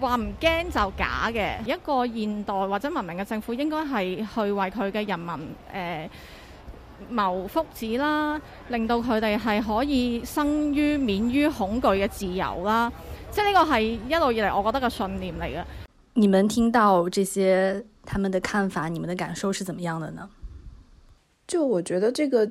話唔驚就假嘅，一個現代或者文明嘅政府應該係去為佢嘅人民誒、呃、謀福祉啦，令到佢哋係可以生於免於恐懼嘅自由啦。即係呢個係一路以嚟我覺得嘅信念嚟嘅。你們聽到這些他們嘅看法，你們嘅感受是怎麼樣的呢？就我覺得呢、這個。